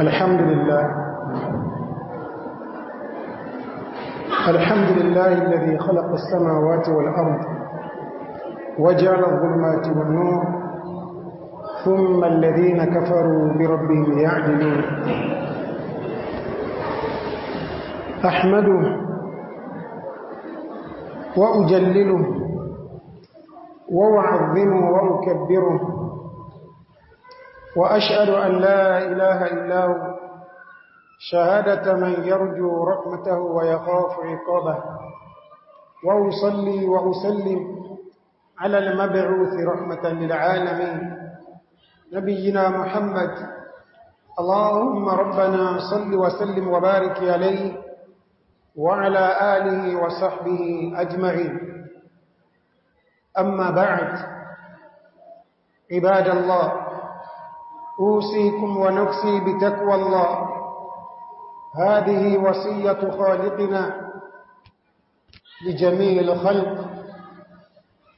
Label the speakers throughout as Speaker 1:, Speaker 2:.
Speaker 1: الحمد لله الحمد لله الذي خلق السماوات والأرض وجعل الظلمات والنور ثم الذين كفروا بربهم يعدلون أحمده وأجلله وأعظمه وأكبره وأشهد أن لا إله إلا هو شهادة من يرجو رحمته ويخاف عقابه وأصلي وأسلم على المبعوث رحمة للعالمين نبينا محمد اللهم ربنا صل وسلم وبارك عليه وعلى آله وصحبه أجمعين أما بعد عباد الله أوصيكم ونفسي بتقوى الله هذه وصية خالقنا لجميع الخلق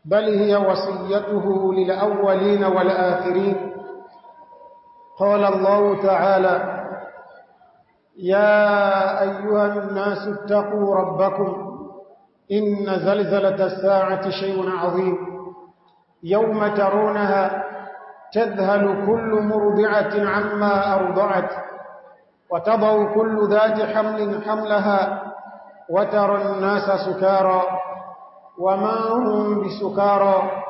Speaker 1: بل هي وصيته للأولين والآخرين قال الله تعالى يا أيها الناس اتقوا ربكم إن زلزلة الساعة شيء عظيم يوم ترونها تذهل كل مرضعة عما أرضعت وتضع كل ذات حمل حملها وترى الناس سكارى وما هم بسكارى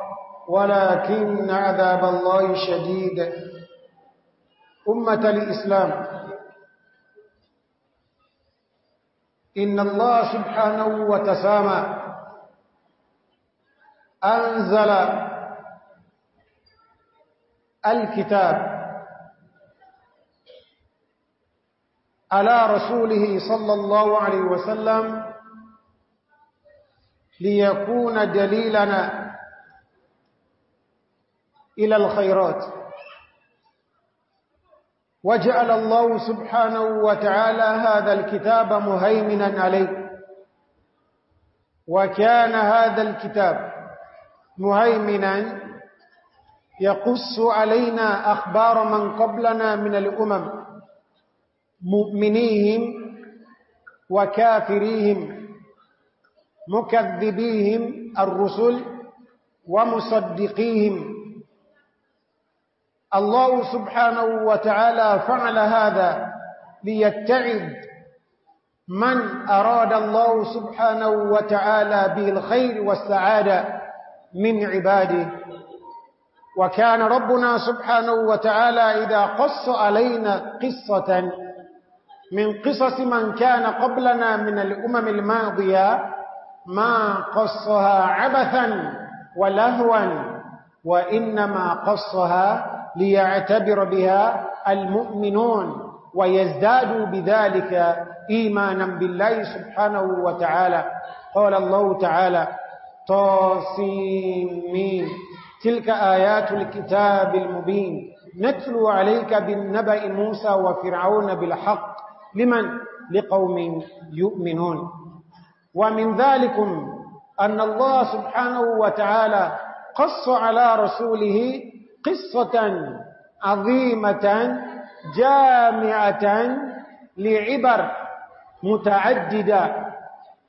Speaker 1: ولكن عذاب الله شديد أمة الإسلام إن الله سبحانه وتسامى أنزل الكتاب على رسوله صلى الله عليه وسلم ليكون دليلنا إلى الخيرات وجعل الله سبحانه وتعالى هذا الكتاب مهيمنا عليه وكان هذا الكتاب مهيمنا يقص علينا أخبار من قبلنا من الأمم مؤمنيهم وكافريهم مكذبيهم الرسل ومصدقيهم الله سبحانه وتعالى فعل هذا ليتعد من أراد الله سبحانه وتعالى به الخير والسعادة من عباده وكان ربنا سبحانه وتعالى إذا قص علينا قصة من قصص من كان قبلنا من الأمم الماضية ما قصها عبثا ولهوا وإنما قصها ليعتبر بها المؤمنون ويزدادوا بذلك إيمانا بالله سبحانه وتعالى قال الله تعالى طاسمين تلك آيات الكتاب المبين نتلو عليك بالنبأ موسى وفرعون بالحق لمن؟ لقوم يؤمنون ومن ذلك أن الله سبحانه وتعالى قص على رسوله قصة عظيمة جامعة لعبر متعددة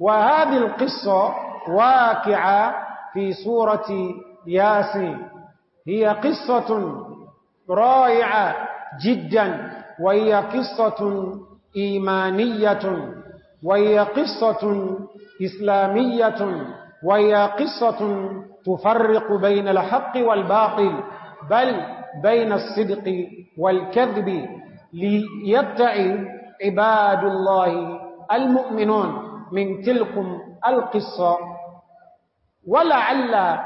Speaker 1: وهذه القصة واقعة في سورة ياسي هي قصة رائعة جدا وهي قصة إيمانية وهي قصة إسلامية وهي قصة تفرق بين الحق والباطل بل بين الصدق والكذب ليبتعي عباد الله المؤمنون من تلكم القصة ولعل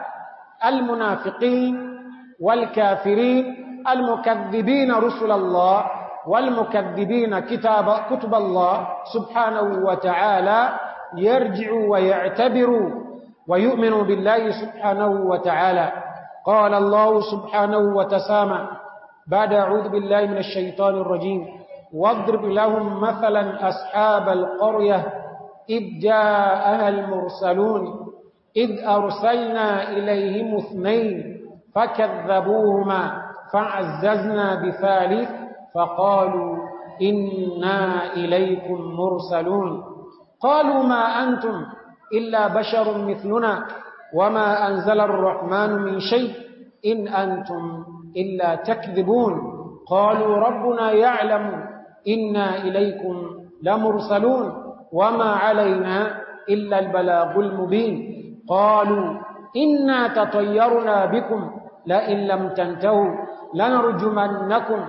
Speaker 1: المنافقين والكافرين المكذبين رسل الله والمكذبين كتاب كتب الله سبحانه وتعالى يرجعوا ويعتبروا ويؤمنوا بالله سبحانه وتعالى قال الله سبحانه وتسامى بعد أعوذ بالله من الشيطان الرجيم واضرب لهم مثلا أصحاب القرية إذ جاءها المرسلون إذ أرسلنا إليهم اثنين فكذبوهما فعززنا بثالث فقالوا إنا إليكم مرسلون قالوا ما أنتم إلا بشر مثلنا وما أنزل الرحمن من شيء إن أنتم إلا تكذبون قالوا ربنا يعلم إنا إليكم لمرسلون وما علينا إلا البلاغ المبين قالوا إنا تطيرنا بكم لئن لم تنتهوا لنرجمنكم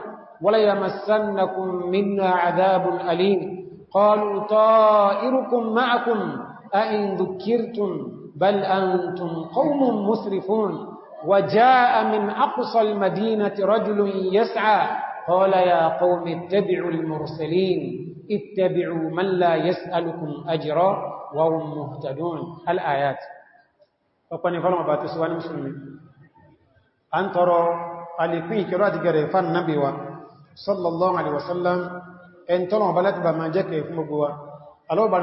Speaker 1: وليمسنكم منا عذاب أليم قالوا طائركم معكم أئن ذكرتم بل أنتم قوم مسرفون وجاء من أقصى المدينة رجل يسعى قال يا قوم اتبعوا المرسلين اتبعوا من لا يسألكم أجرا وهم مهتدون الآيات ọ̀pọ̀ ni fọ́lọ̀mọ̀ bá tó síwá ní musulmi a ń tọrọ alìpín ìkẹrọ àti gẹ̀rẹ̀ fán nábíwa sallallahu alaihi wasallam ẹn tọ́lọ̀mọ̀ bá láti bá máa jẹ́ kẹ fún gbogbo wa alọ́bà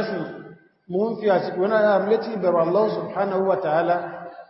Speaker 1: ní mú ń fi àsìkò náà létí ìbẹ̀rù Allah subhanahu wa ta'ala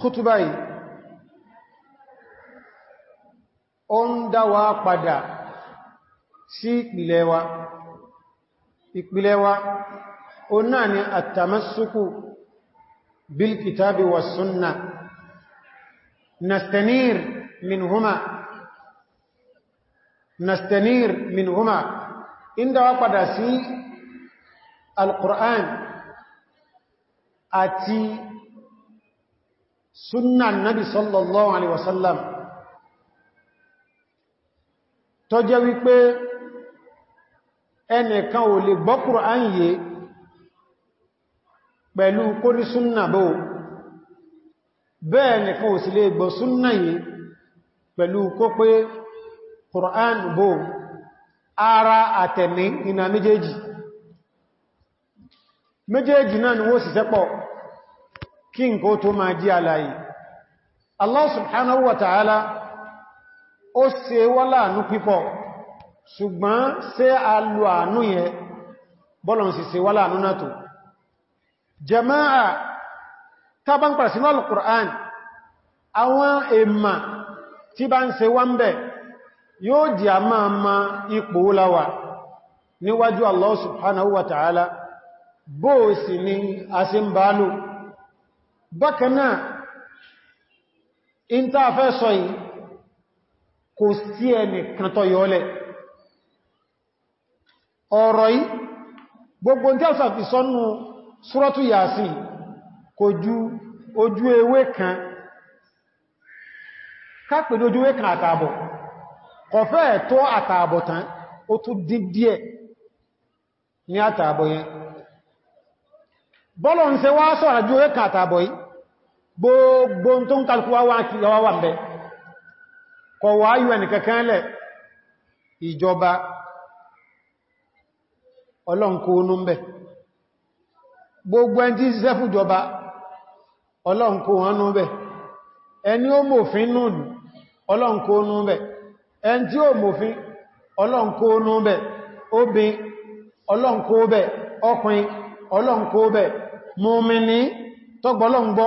Speaker 1: kútúbá yìí ó ń dáwà padà sí ìpìlẹ̀ wa ìpìlẹ̀ wa ó náà ni àtàmásùkù bilkitabi wa sunna nastanir min huma nastanir min huma in dáwà padà sí alkùrán àti súnnà nábi sallallahu alaihi wasallam tó jẹ́ wípé ẹnìkan ò lè gbọ́ Kùránì yé pẹ̀lú kórí súnnà bó bẹ́ẹ̀ nìkan ò sì lè gbọ́ súnnà yé pẹ̀lú kó pé Kùránì bó ara àtẹ̀mí ìnà méjèèjì méjèèjì náà ni wó sì sẹ́pọ̀ kí n kó tó máa jí aláyé Allah subhanahu wa ta'ala ó ṣe wá láàánú pípọ̀ ṣùgbọ́n ṣe a lò àánú yẹ bọ́lọ̀n sì ṣe wá láàánú náà tó jama'a ta bá ń pàdà sínú al-Qur'an àwọn èèmà tí bá ń ṣe wá bẹ̀ yóò jì a máa ma ipò láwà níwájú Allah subhanahu wa ta'ala bóò sì ni a ṣe ń bá lò bákanáà in ta fẹ́ sọ yìí kò sí ẹni kan tọ́ yọ́lẹ̀ ọ̀rọ̀ yìí gbogbo tí a sàfi sọ́nù súrọ́tù yàásì kò ju ojú ewé kan kápẹ̀ lójú ewé kan àtààbọ̀ kọ̀fẹ́ tó àtààbọ̀ tán ó tún dín díẹ̀ ní àtààbọ̀ yẹn bọ́lọ̀ ń ṣe wá sọ̀rọ̀ ju ewé kan àtààbọ̀ yìí gbogbo tó ń kàlùkù wá wà ń bẹ kọ̀ wá ìjọba ọlọ́nkó gbogbo ẹni tí ṣiṣẹ́ fún ọlọ́nkó onú ń ẹni ó mòfin nù ọlọ́nkó onú ń bẹ ẹni tí ó mòfin ọlọ́nkó obin ọlọ́nkó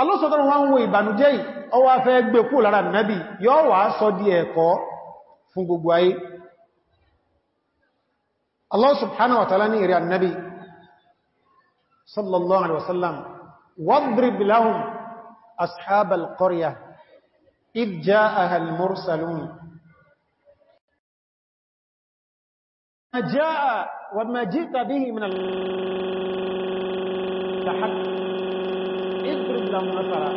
Speaker 1: alọ́sọ̀tọ́rọ̀ wọn wo ìbànújẹ́ yìí ọwọ́ afẹ́ gbé kú lára nẹ́bì yọ́ wà sọ di ẹ̀kọ́ fún gbogbo ayé Allah subhanahu wa ta'ala ní ìrìn annabi sallallahu alaihi wasallam wadrib lahum lámúnátàrà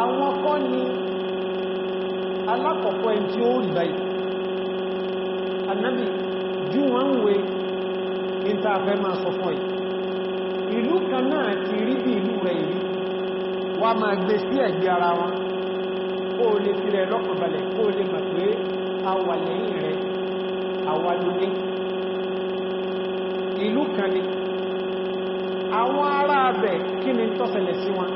Speaker 2: àwọn kọ́ ni
Speaker 1: alákọ̀ọ́kọ́ ẹni tí ó rí báyìí annabi jú wọ́n ń wé ìntàfẹ́ máa sọ fún ẹ̀ ìlú kan náà ti rí bí ìlú rẹ̀ ìlú wà máa gbé sí ẹ̀gbẹ́ ara wọn kó o lè fi rẹ̀ lọ́kànbalẹ̀ kó o lè mọ̀ pé àwà lẹ́yìn rẹ̀ àwà lóní ìlú kan ni àwọn ará abẹ̀ kí ni tó ṣẹlẹ̀ sí wọn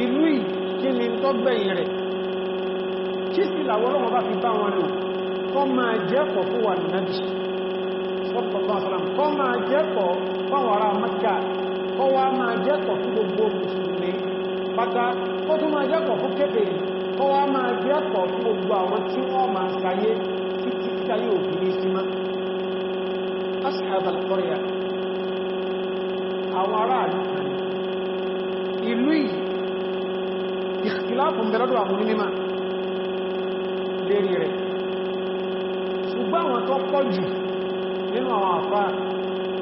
Speaker 1: ìlú yìí kí ni tó gbẹ̀yìn rẹ̀ kí sí làwọn ọlọ́wọ́ bá fi bá wọn lò kọ́ máa jẹ́kọ̀ fún wà nàbí kọ́ máa jẹ́kọ̀ fún gbogbo mùsùlùmí pátá kọ́ wá máa jẹ́kọ̀ fún gbogbo àwọn aráàlú ìlú ìkìláàfún bẹ̀rọ̀dọ̀ àwọn onímọ̀ lérí rẹ̀ ṣùgbọ́n àwọn tó pọ̀ jù nínú àwọn àfá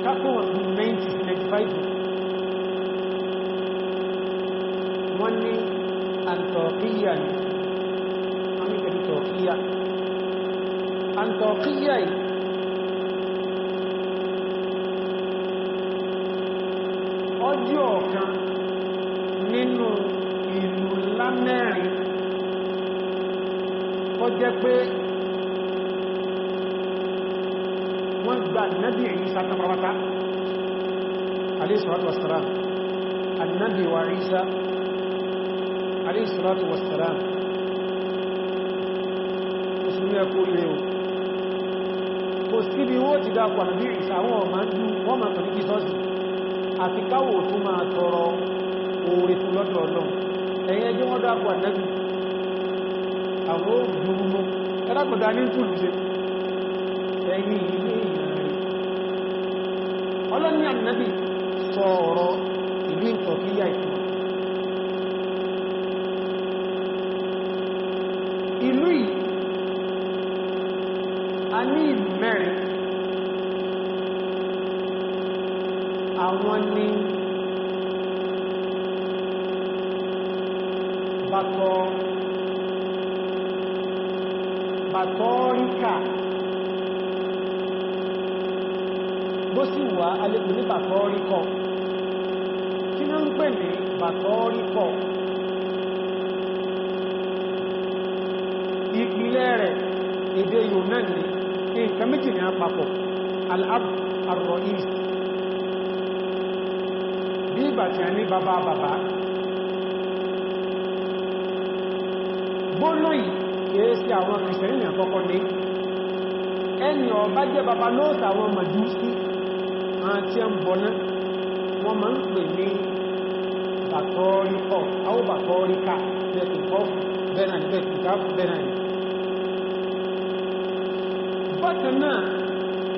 Speaker 1: kápẹ́wọ̀n 1995 wọ́n ní àntọ̀kíyà ní àmì pẹ̀lú ó jí ọ̀kan nínú ìlú ńlá mẹ́rin tó jẹ́ pé wọ́n gba nábì Ìsá tapapata alayhi salatu wassalam annabi wa Ìsá alayhi salatu wassalam musulmi ẹkù ilé o kò síbi wọ́n ti dákọ̀ àbí ìsàwọn ọmọ ọmọ ìgbìsọ́sì àti káwò tó máa tọrọ oore fún lọ́dọ̀ náà ẹ̀yẹ jẹ́ wọ́n dákọ̀ ànẹ́bì àwọn òjòrúmú ẹlápọ̀dá ní túlù ṣe ẹ̀yìn ilé ìrìn ọlọ́ni ànẹ́bì sọ̀rọ̀ ìlú ìtọ̀kíyà ìtọ̀ àwọn ni bàtọ̀ bàtọ́ríkà bó sì wà alẹ́kù ní bàtọ́ríkọ̀ kí ló ń pè ní bàtọ́ríkọ̀ ìpìlẹ̀ rẹ̀ èdè yóò náà ní nǹkan ní àpapọ̀ al-ab ar bí ìgbà tí a ní bàbá bàbá gbóná yìí kìí sí àwọn kìrìsìtẹ́nì àkọ́kọ́ ní ẹni ọba jẹ́ bàbá lóòtà àwọn màjúsí àti ẹmbọ̀ná wọ́n máa ń pè ní bàtọ́ríkọ̀ àwọn bàtọ́ríkà bẹ́ẹ̀kìkọ́ bẹ́ẹ̀nàní bẹ́ẹ̀kìkà bẹ́ẹ̀nàní bákan náà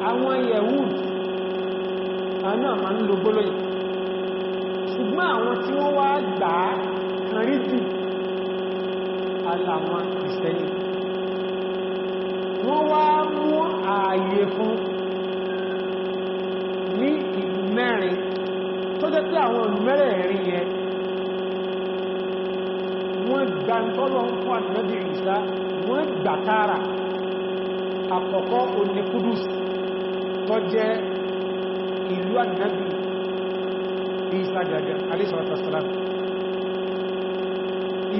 Speaker 1: àwọn yẹ̀wùd àánú àmà ń ṣùgbọ́n àwọn tí wọ́n wá gbà á kan rí jù aláwọn kìrìsìtẹ́nì
Speaker 2: wọ́n wá mú
Speaker 1: ààyè fún ní ìlú mẹ́rin tó jẹ́ pé àwọn ìlú mẹ́rẹ̀ẹ̀rin yẹn wọ́n gbà ń tọ́lọ ń fún àdínẹ́bì ìsá wọ́n gbà tààrà àkọ́kọ́ oníkúdùs tó jẹ́ ìlú àdínẹ́bì Isa dada alayhi salatu wassalam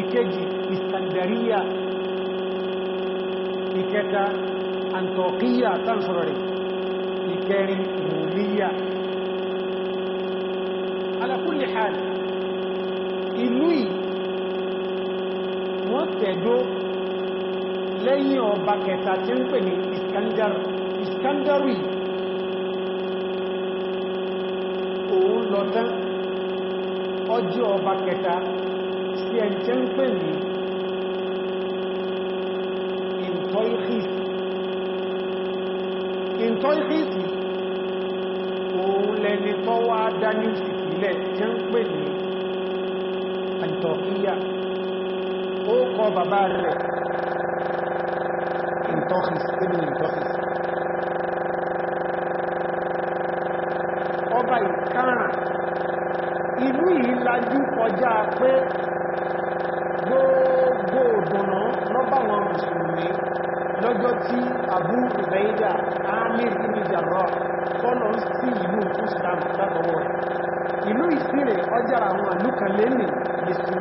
Speaker 1: ìkejì Iskandariya ìkẹta Antiokiya tan sọ̀rọ̀ rẹ̀ ìkẹrin Rumiya ala kulli hal ìlú yìí wọ́n tẹ̀dó lẹ́yìn ọba kẹta tí ń pè ní Iskandar ọjọ́ ọba kẹta sí ẹjẹ́ ń pè ní ìntọ́ìkìsì ìntọ́ìkìsì òun lẹni tó wá dá ní ìsìnkìlẹ̀ jẹ́ ń pè ní àntọ̀kíyà ó kọ bàbá rẹ̀ ìntọ́ìkìsì kọjá pé gbogbo òdùnà lọ́bà wọn mùsùlùmí lọ́jọ́ tí Abu Ubaida Amir ibn Jarrah fọ́nà sí ìlú Islam látọwọ́ rẹ̀ ìlú ìsìnrẹ̀ ọjára àwọn àlúkà lẹ́nì ìsìn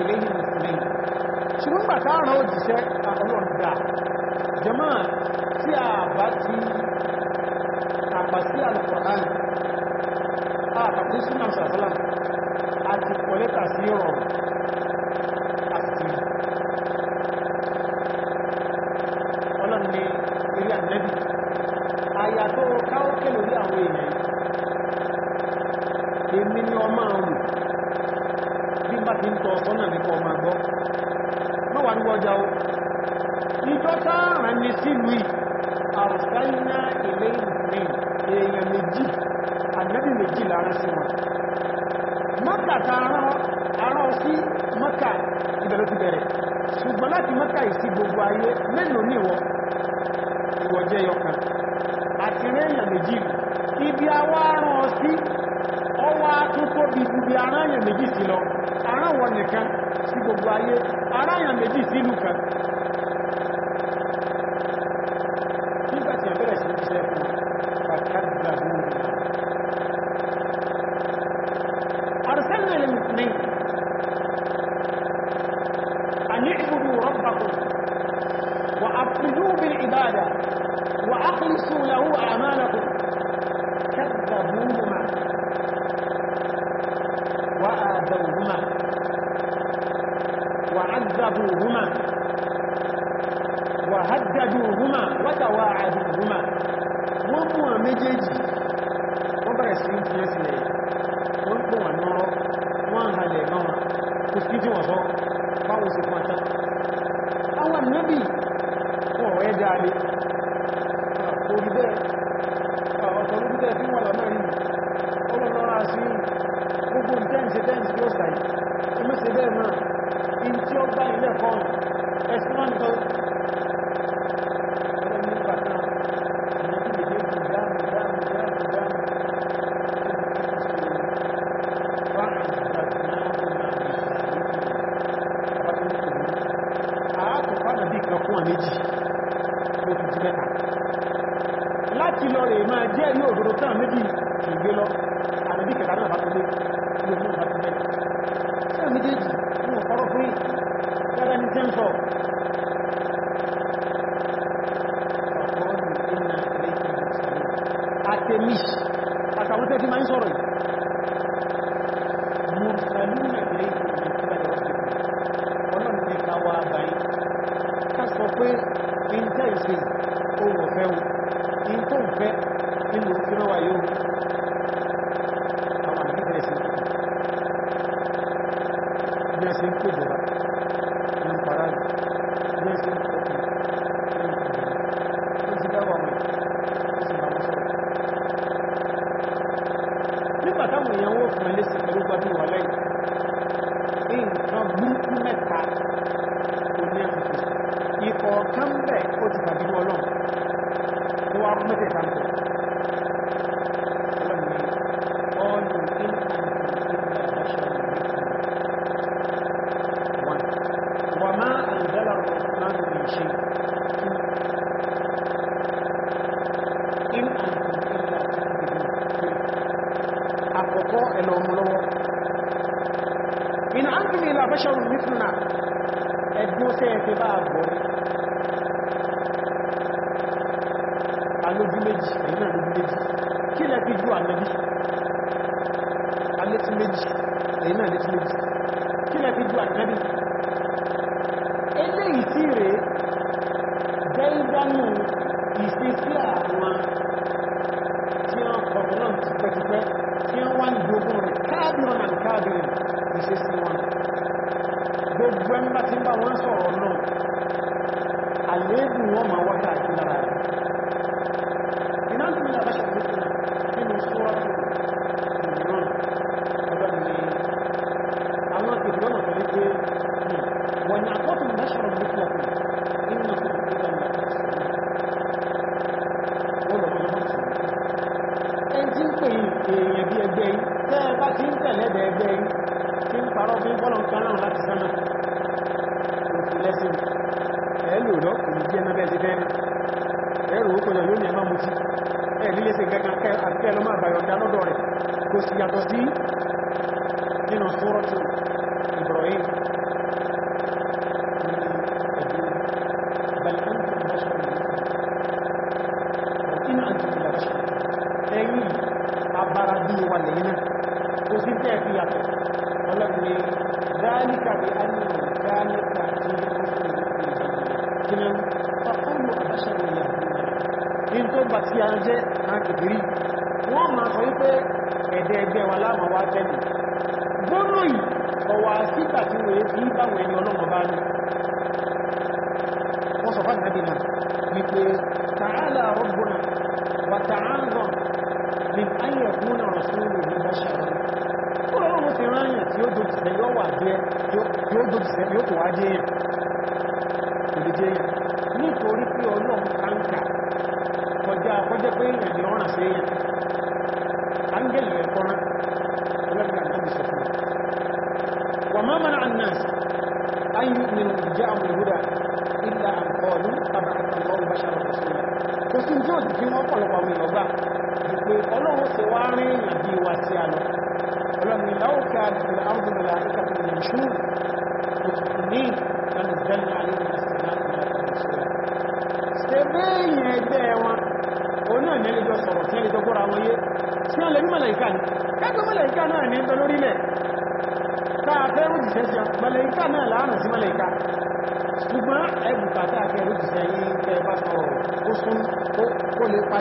Speaker 1: ìrìn ìrìn ṣùgbọ́n bàtà àrùn òjíṣẹ́ ọlọ́dà jẹmọ́ tí a bá ti àpàtí àlùkọ̀ọ́lá àpàtí súnmọ̀ sàtọ́lá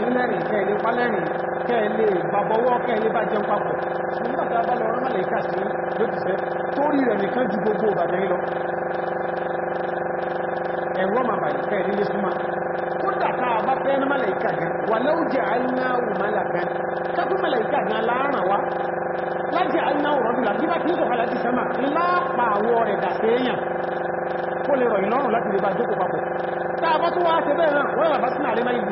Speaker 1: yín lẹ́rìn kẹ́ ilé pa lẹ́rìn kẹ́ ilé babọwọ́ kẹ́ ilé bá jẹun papọ̀ nígbàtà bá lọ rán lẹ́ka sí lókùsẹ́ torí rẹ̀ nìkan ju gbogbo ìbàjẹ́ yìí lọ ẹ̀rọ màbàyí kẹ́ ilé súnmọ́ kódà ká bá fẹ́ ní màlàíkà gan wà lẹ́wùjẹ́ àìnáwò màlàkan kákún màlàíkà gan láàrán wa lájẹ́ àìnáwò rọ́dùlà bí bá kí ń sọ̀kalẹ̀ ti tá a bá tó wá ṣe bẹ́ẹ̀ náà wọ́n yà bá sínú àlẹ́mà yìí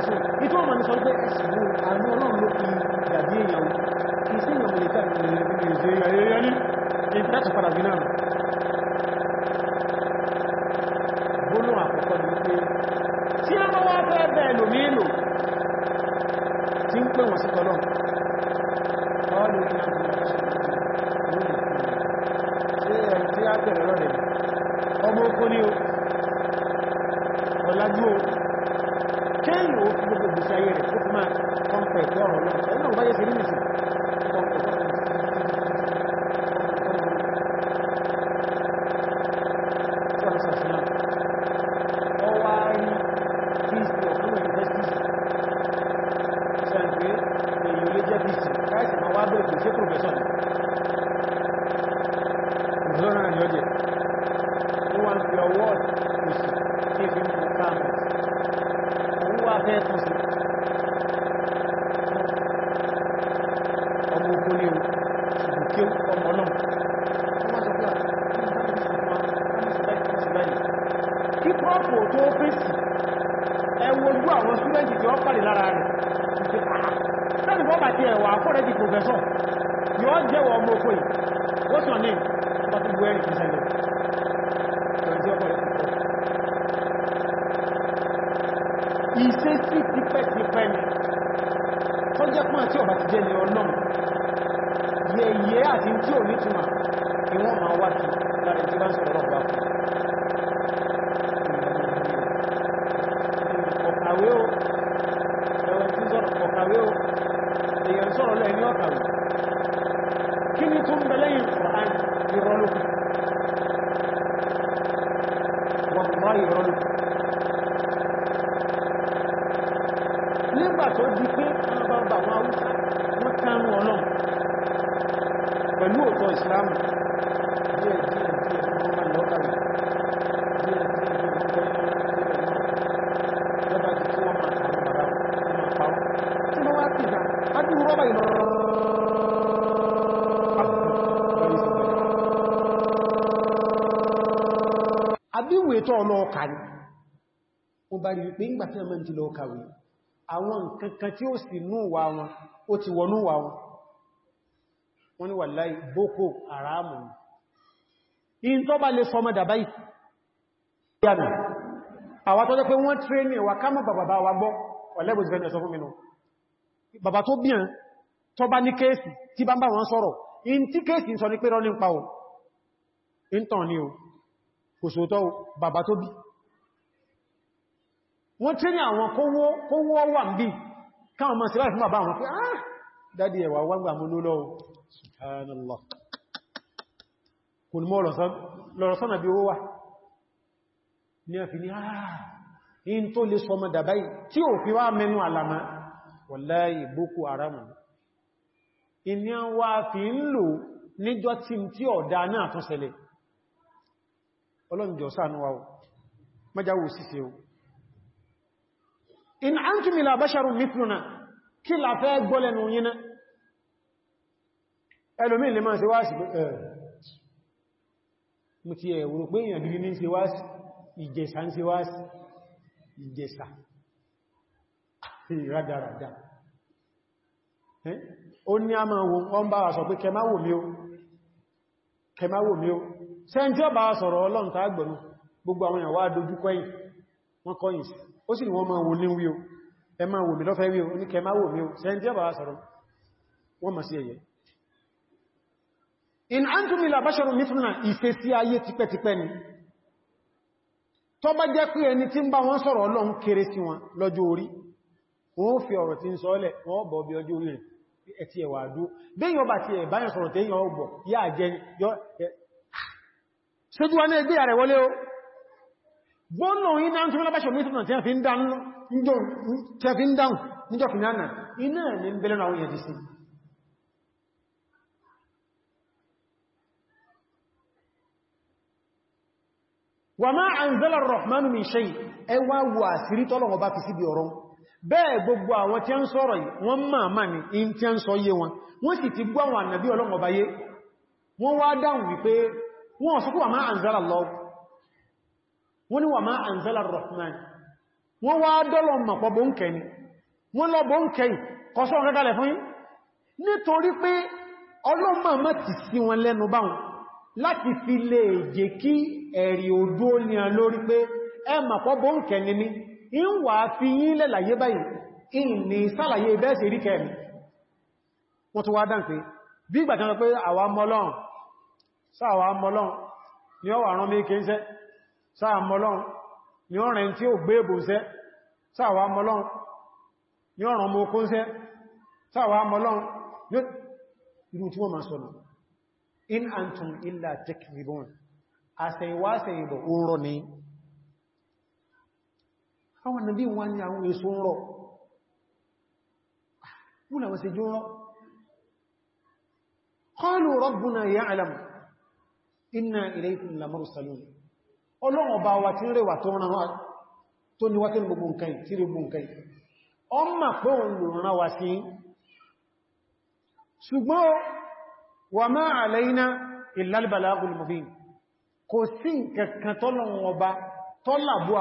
Speaker 1: bá rí wípé ń gbàtí ọmọ ti lọ kàwé àwọn nǹkankan tí ó sì mú wà wọn ó ti wọnú wà wọn wọ́n ni wàláhì boko haramu in tó bá lè sọmọ dàbá ìyànà àwọn tó jẹ́ pé wọ́n tréní wà ká mọ́ bàbá wa gbọ́ ọ̀lẹ́bùs bàbá tó bíyàn tó o kò sóòtọ́ bàbá tó bí wọ́n tí ní àwọn kówó wà ń bí káwọn mọ́ sí láì fún bàbá wọn pé ah dádì ẹ̀wà wọ́gbà mú lọ́wọ́ subhanallah kò ní mọ́ lọ̀rọ̀ sọ́nà bí owó wà ní àfi ní ah in tó lè sọmọ dàbáyì tí ò fi wá mẹ́nu àlàmà wallahi boko haram ìní wa o in an ila basharun na kí la fẹ́ gbọ́lẹ̀nù yínà ẹlòmí lè máa ṣe w'asi mú ti ẹ̀wòrò pé èyàn gidi ní ṣe ìjẹsà ń ṣe ó ní a máa wọ́n bá wà sọ pé kẹmáwò mi ó kẹmáwò mi ó sẹ́ntí sọ̀rọ̀ ọlọ́ntà gbogbo àwọn ìyàwó adójúkọ́yìn wọ́n kọ́yìn ó sì wọ́n máa wò ní wí o ẹ máa wò mí lọ́fẹ́ o ní kẹ wò mí o sẹ́ndí ọba wá sọ̀rọ̀ wọ́n mọ̀ sí ẹ̀yẹ in antum ila basharun mithluna ayé tipẹ́tipẹ́ ni tó bá jẹ́ pé ẹni tí ń bá wọn sọ̀rọ̀ ọlọ́run kéré sí wọn lọ́jọ́ orí wọ́n fi ọ̀rọ̀ tí ń sọ ọ́lẹ̀ wọ́n bọ̀ bí ọjọ́ orí rẹ̀ ẹ̀tí ẹ̀wà o gbọ́nà iná tí wọ́n lábáṣọ mítùnà tí a fi ń dáhùn níjọ́ fìnánà iná ní ń na àwọn ìyẹ̀dì sí wà máa anzala ar-rahmanu min ẹwà wà sírí tọ́lọ̀wọ̀ bá fi síbi ọ̀rọ̀ bẹ́ẹ̀ gbogbo àwọn tí a ń sọ̀rọ̀ wọn máa máa ní in tí a ń sọ yé wọn wọ́n sì ti gbọ́ àwọn ànàbí ọlọ́wọ̀ báyé wọ́n wá dáhùn wípé wọ́n anzala Allahu wọ́n ní wà máa anzala rahman wọ́n wá dọ́lọ mọ̀pọ̀ bó ń kẹni wọ́n lọ bó ń kẹni kọsọ́ kẹkẹlẹ̀ fún yí nítorí pé ọlọ́mọ̀mọ̀ ti sí wọn lẹ́nu báhùn láti fi lè jẹ́ kí ẹ̀rí odó ní a lórí pé ẹ mọ̀pọ̀ bó ń kẹni ní ni sálàyé rán mé kéńsẹ́ sáà mọ́lọ́n ni ọ̀rẹ́ tí ó gbé ìbòsẹ́ sáà wà mọ́lọ́n ni ọ̀rọ̀ mọ́ kóńsẹ́ sáà wà mọ́lọ́n irú tí wọ́n máa sọ in antum illa takdhibun àṣẹ̀wáṣẹ̀yìnbọ̀ oòrọ̀ ni àwọn nàbí wọn ni àwọn èso ń rọ̀ wọ́n sì jú ọlọ́run ọba wa tí ń rẹwà tó rán wa tó ní wákẹ́ gbogbo nǹkan tí rí gbogbo nǹkan ọmọ pé òun lò rán wa sí ṣùgbọ́n wà máa àlẹ́yìnà ìlàlìbàlágùn mọ̀bín kò sí nǹkan tọ́lọ́run ọba tọ́làbù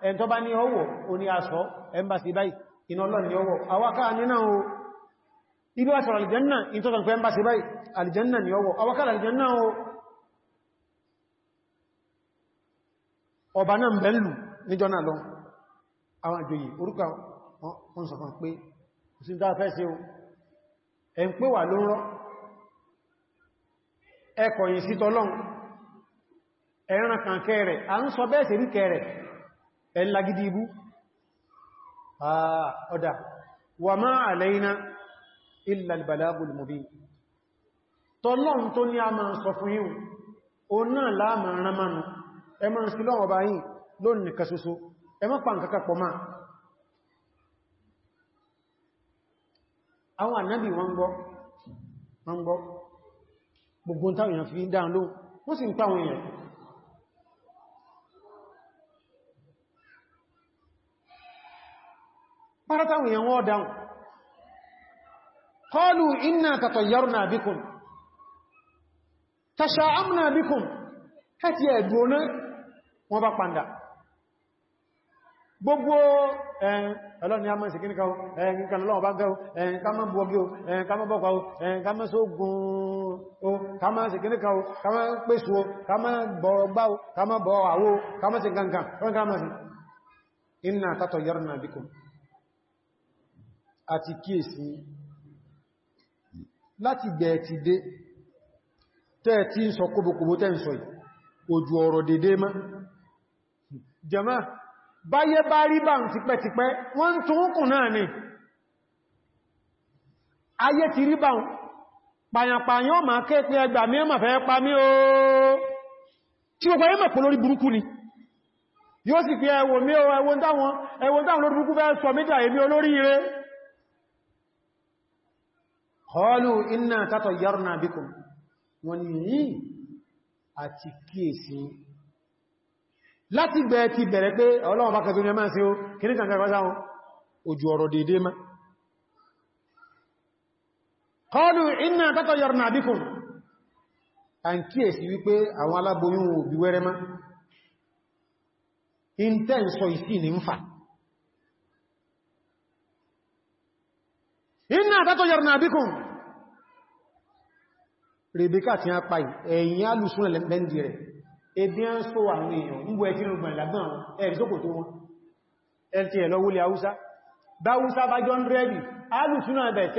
Speaker 1: ẹn tó bá ní ọwọ́ oní aṣọ ẹmbàsì báyìí iná ọlọ́ni ọwọ́ awaka nínà o ibi wà alìjẹ́nà in tó tàbí báyìí alìjẹ́nà ni ọwọ́ awaka alìjẹ́nà o ọba náà bẹ̀lù níjọ́ náà lọ àwọn àjòyè orúkà wọn kan kànkẹ́ rẹ̀ ń sọ bẹ́ẹ̀ sí ríkẹ́ rẹ̀ ẹ̀lá gidi ibú ọ̀dá wà máa àlẹ́iná illa al-balagul mubin tọ́lọ́n tó ní a máa sọ fún yíò o náà láàmà rámánu ẹ máa sí lọ́wọ́ bá yìí lónìí kasoso ẹ má pàǹkà pọ̀ máa àwọn ànábì wọ́n gbọ́ gbogbo táwọn èèyàn fi dáa ló wọ́n sì ń táwọn èèyàn pátáwọn èèyàn wọ́n dáhùn qalu inna tatayyarna bikum tasha'amna bikum ẹ̀tì ẹ̀dùnà wọ́n bá pàndà gbogbo ẹ̀yìn ọlọ́ni a máa ṣe kíníkà ẹ̀yìn kan lọ́wọ́ bá gẹ́ ẹ̀yìn ká máa bọ́gí ẹ̀yìn ká máa bọ́kọ̀ ẹ̀yìn ká máa sógun o ká máa ṣe kíníkà ká máa pèsò o ká máa bọ̀rọ̀ gbá o ká máa bọ̀ àwó ká máa ṣe gangan àti kíyèsí láti gbẹ̀ẹ̀ ti dé tẹ́ẹ̀ tí ń sọ kóbòkóbò tẹ́ ń sọ yìí ojú ọ̀rọ̀ dédé mọ́ jàmáà báyé bá rí bá ń tipẹ́tipẹ́ wọ́n ń tún kùn náà ni ayé ti rí bá ń pàyànpàyàn ma kéèkéé ẹgbà mí ẹmà fẹ́ pa mí ooo tí gbogbo ẹmà pò lórí burúkú ni yóò sì fi ẹwọ mí ẹwọ dáwọn lórí burúkú fẹ́ sọ méjà èmi olórí ire qalu inna na bikum wọn ni yìí àti kíèsí láti gbẹ̀ẹ́ ti bẹ̀rẹ̀ pé ọlọ́wọ́n bá kẹtù ní ẹmá sí ó kìrí kankan kọjá ojú inna ìsìn ní ń fà àtàtọ̀yọ̀rùn àbíkùn Rebeka ti a pa ẹ̀yìn alùsùn lẹ́ndì rẹ̀ ebi ń sọ àwọn èèyàn ń gbọ́ ẹ̀kí rùgbọ̀n ìlàgbọ̀n ẹ̀rì sókò tó wọn ẹ̀tì ẹ̀lọ wúlé haúsá bá haúsá bá john rẹ́dì alùsùn na náà ẹ̀yìn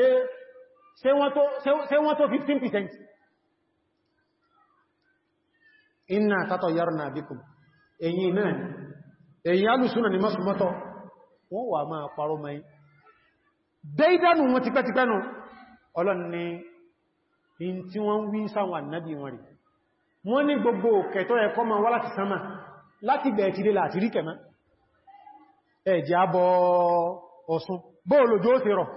Speaker 1: alùsùn wọ́n wà máa déidánù wọn ti pẹ́tipẹ́nu ọlọ́n ni in tí wọ́n wí sáwọn ànábì wọn rí wọ́n ní gbogbo kẹtọ́ ẹ̀kọ́ ma wá láti sánmà láti bẹ̀ẹ̀ ti dé láti rí kẹmọ́ ẹ̀jẹ́ abọ́ ọ̀ṣun bóòlò jò ó ti rọ̀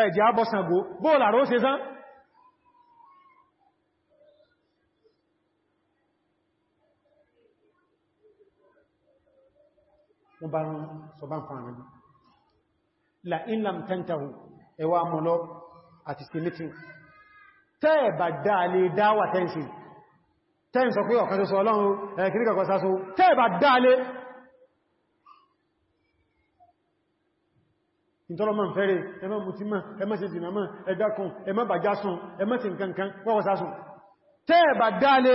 Speaker 1: ẹ̀jẹ́ abọ́ Ṣàngó bóòlò àró bá ń sọ bá ń fa àrẹ́bí la in lam tantahu ẹwà mọ̀lọ́ àti stimiti tẹ́ bà dáa lè dáwà tẹ́ǹsì tẹ́ǹ sọ pé ọ̀kan sọ ọlọ́run ẹ̀kìríkà kọ sáso tẹ́ bà dáa lè ìtọ́lọ́mọ̀ fẹ́rẹ̀ ẹmọ́ mutí mọ́ ẹmọ́ sí ìdìnà mọ́ ẹgbẹ́kùn ẹmọ́ bàjá ẹmọ́ sí nkankan wọ́wọ́ sásun tẹ́ bà dáa lè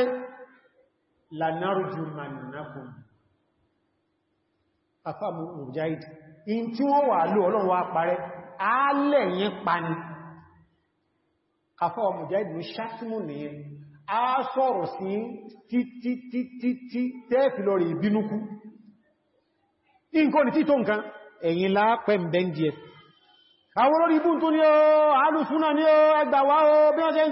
Speaker 1: lanarjumannakum afáàmù mùjáìdì in tí wọ́n wà ló ọlọ́run wá parẹ́ àálẹ̀ yẹn ni afọ́ ọmọdé ìdùn ṣásímù nìyẹn a sọ̀rọ̀ sí títítítí tẹ́ẹ̀fì lọ rí ìbínúkú nǹkan ní títò nǹkan ẹ̀yìn lápẹ́ mbẹ́ndìẹ̀ àwọn olórí ibú tó ní ó alùsúnà ní ó ẹgbà wá ó báyìí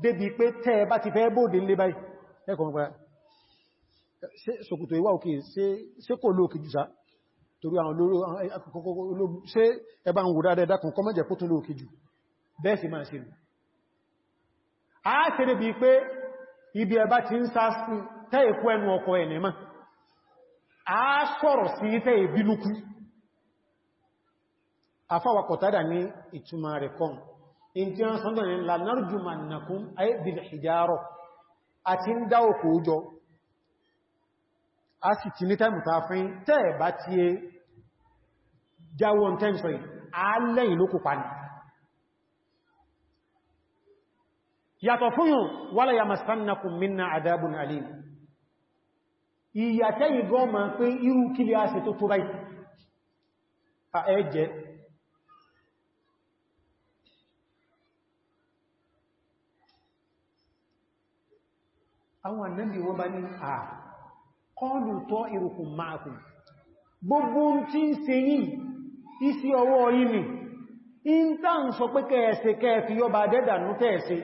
Speaker 1: débi pé tẹ́ bá ti fẹ́ bóòdé lé báyìí ẹkùn pẹ̀lá ṣòkòtò ìwà òkè ṣe kò lóòkè jùsá torí àwọn olóòrò ṣe ẹbá ń wòrá dẹ́ dákùn kọmọ́jẹ̀ kó tún lóòkè jù bẹ́ẹ̀ sì máa ṣe rù a ṣe débi pé ibi ẹbá ti in ti an sanda ne lanarjumannakum ay bil hijaro àti ń dá òkú jọ a sì ti ní tẹ́mù ta fín tẹ́ bá ti é jáwọn tẹ́mù sọ yìí alẹ́yìn ló kópa ní yàtọ̀ fún yùn wala yamassannakum minna adabun alim ìyàtẹ́ ìgọ́ ma àwọn ànábì wọ́n bá ní à kọlù tọ́ ìrùkùn máàkùn gbogbo tí ń ṣe yìí isi ọwọ́ yìí mi in ta ń sọ pé kẹ́ẹ̀ẹ́sẹ kẹ́ẹ̀fì yọba dẹ́dà ní tẹ́ẹ̀ẹ́sẹ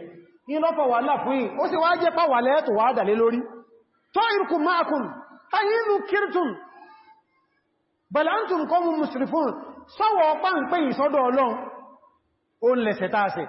Speaker 1: ìlọ́pọ̀ wà láàfin ó sì wá jẹ́ pàwà lẹ́ẹ̀tọ̀ wà dà lé lórí tọ́ ó lẹ̀sẹ̀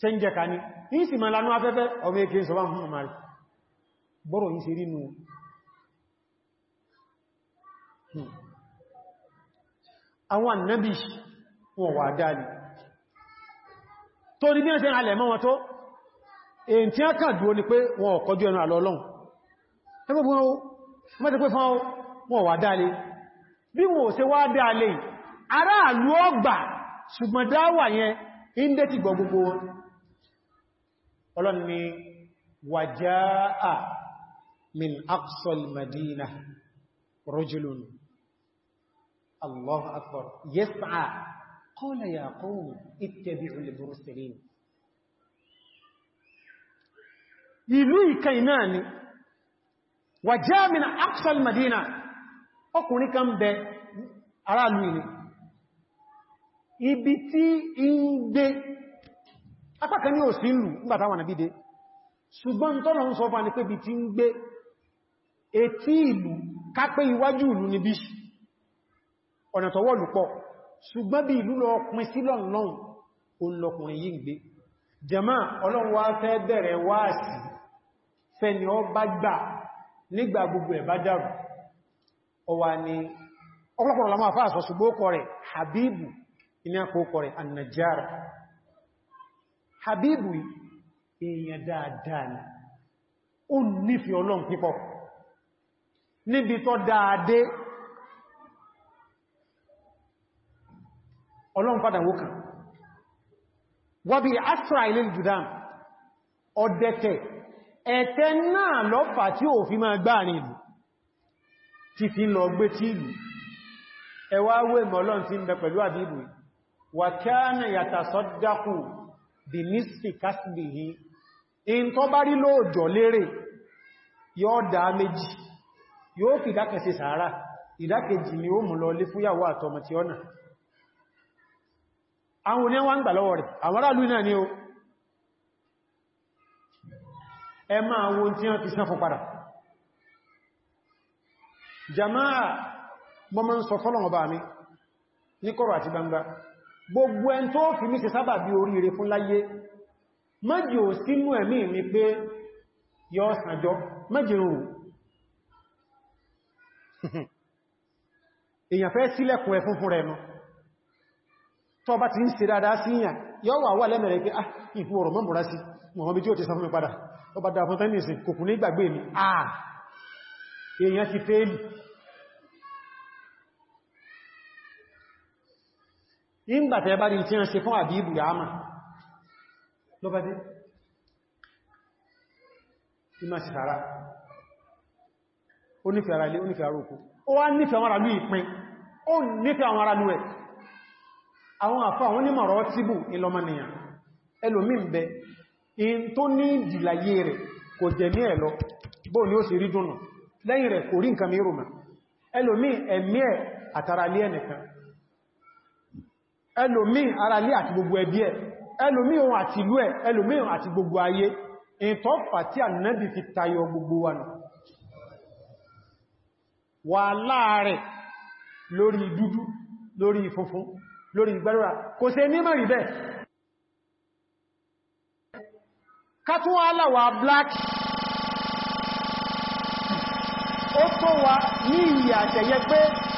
Speaker 1: Hmm. ṣe ń jẹka ní yìí máa lánú afẹ́fẹ́ ọmọ èké sọ bá mú mari bọ́rọ̀ yìí sí rínú àwọn annabi wọn wà dáadì tó ní bí ẹ̀sẹ̀ alẹ̀ mọ́ wọn tó èyí tí a ni pé wọn ọ̀kọ́jú ẹnu àlọ́ ọlọ́run ọlọ́run ni wàjáà min aqsal madina rajulun allahu akbar yas'a qala ya qawmi ittabi'u al-mursalin ìlú ìkànnà ni wàjáà min aqsal madina ọkùnrin kan bẹ aráàlú ilé ibi tí ń gbé apákan ní òsì ìlú nígbàtàwà nàbí dé ṣùgbọ́n tọ́nà ń sọ fà ní pé bí ti ń gbé etí ìlú kápé iwájú ìlú níbi ọ̀nà tọwọ́ lùpọ̀ ṣùgbọ́n bí ìlú lọ pín sí lọ́nlọ́un olùlọkùnrin yìí ń gbé jàmá ọlọ́run wá ṣùgbó kọ rẹ̀ Habibu ìní àpò kọ rẹ̀ annajara habibu èèyàn dáadáa ni ó nífẹ̀ẹ́ ọlọ́run pípọ̀ níbi tó dáadé ọlọ́run padà wó kan wọ́bí astra ilé judan ọdẹ́tẹ̀ ẹ̀tẹ́ náà lọ́fà tí ò fi máa gbá ní ìlú ti fi lọ gbé tí ìlú ẹwà wé mọ́lọ́n ti ń bẹ pẹ̀lú àbíbù wà kí á náà yàtà sọ́dákù Di nísfì kásìbì yìí in tó bá rí lóòjọ́ lérè yóò dá méjì yóò fi ìdákẹsẹ̀ sàárà ìdákejì ni ó mú lọ lé fúyàwó àtọmọ tí ọ́nà àwọn oníyàn wá ń gbà lọ́wọ́ rẹ̀ àwọn aráàlú náà ni ó ẹ máa wo tí wọ́n fi sán fún padà jama'a mọ́mọ́ ń sọ fọ́lọ̀ ọba mi ní kọ̀rọ̀ àti gbangba gbogbo ẹn tó fi mí ṣe sábà bí oríire fún láyé mẹ́jì ò sínú ẹ̀mí mi pé yọ sànjọ́ mẹ́jì rùn èyàn fẹ́ sílẹ̀kùn ẹ̀fún fún rẹ̀ nù tó bá ti ń ṣe dáadáa sí ìyàn yọ wà wà lẹ́mẹ̀rẹ̀ pé ah ìfún ọ̀rọ̀ mọ́ múra sí mọ̀hànbí tí ó ti sọ fún mi padà ọba ah èyàn ti fẹ́ẹ̀lì ìgbàtẹ̀ bá rí tí wọ́n se fún àbíbù yàmà lọ́bàdé ìmá sí tààrà ó nífẹ̀ẹ́ ara ilé ó nífẹ̀ẹ́ ara oko ó wá nífẹ̀ẹ́ àwọn aráàlú ìpín ó nífẹ̀ẹ́ àwọn aráàlú ẹ̀ àwọn àfá àwọn onímọ̀rọ̀ tíbù ìlọmọnìyàn ẹlòmí ẹ̀mí ẹ̀ àtàrà lé ẹnìkan ẹlòmí ara ilé àti gbogbo ẹbí ẹ ẹlòmí ohun àti ìlú ẹ ẹlòmí ohun àti gbogbo ayé ìntọ́ fi tayọ gbogbo wa nù wà láàrẹ̀ lórí dúdú lórí funfun lórí ìgbẹ́lúra kò se kọwa ní ìyà àtẹ̀yẹ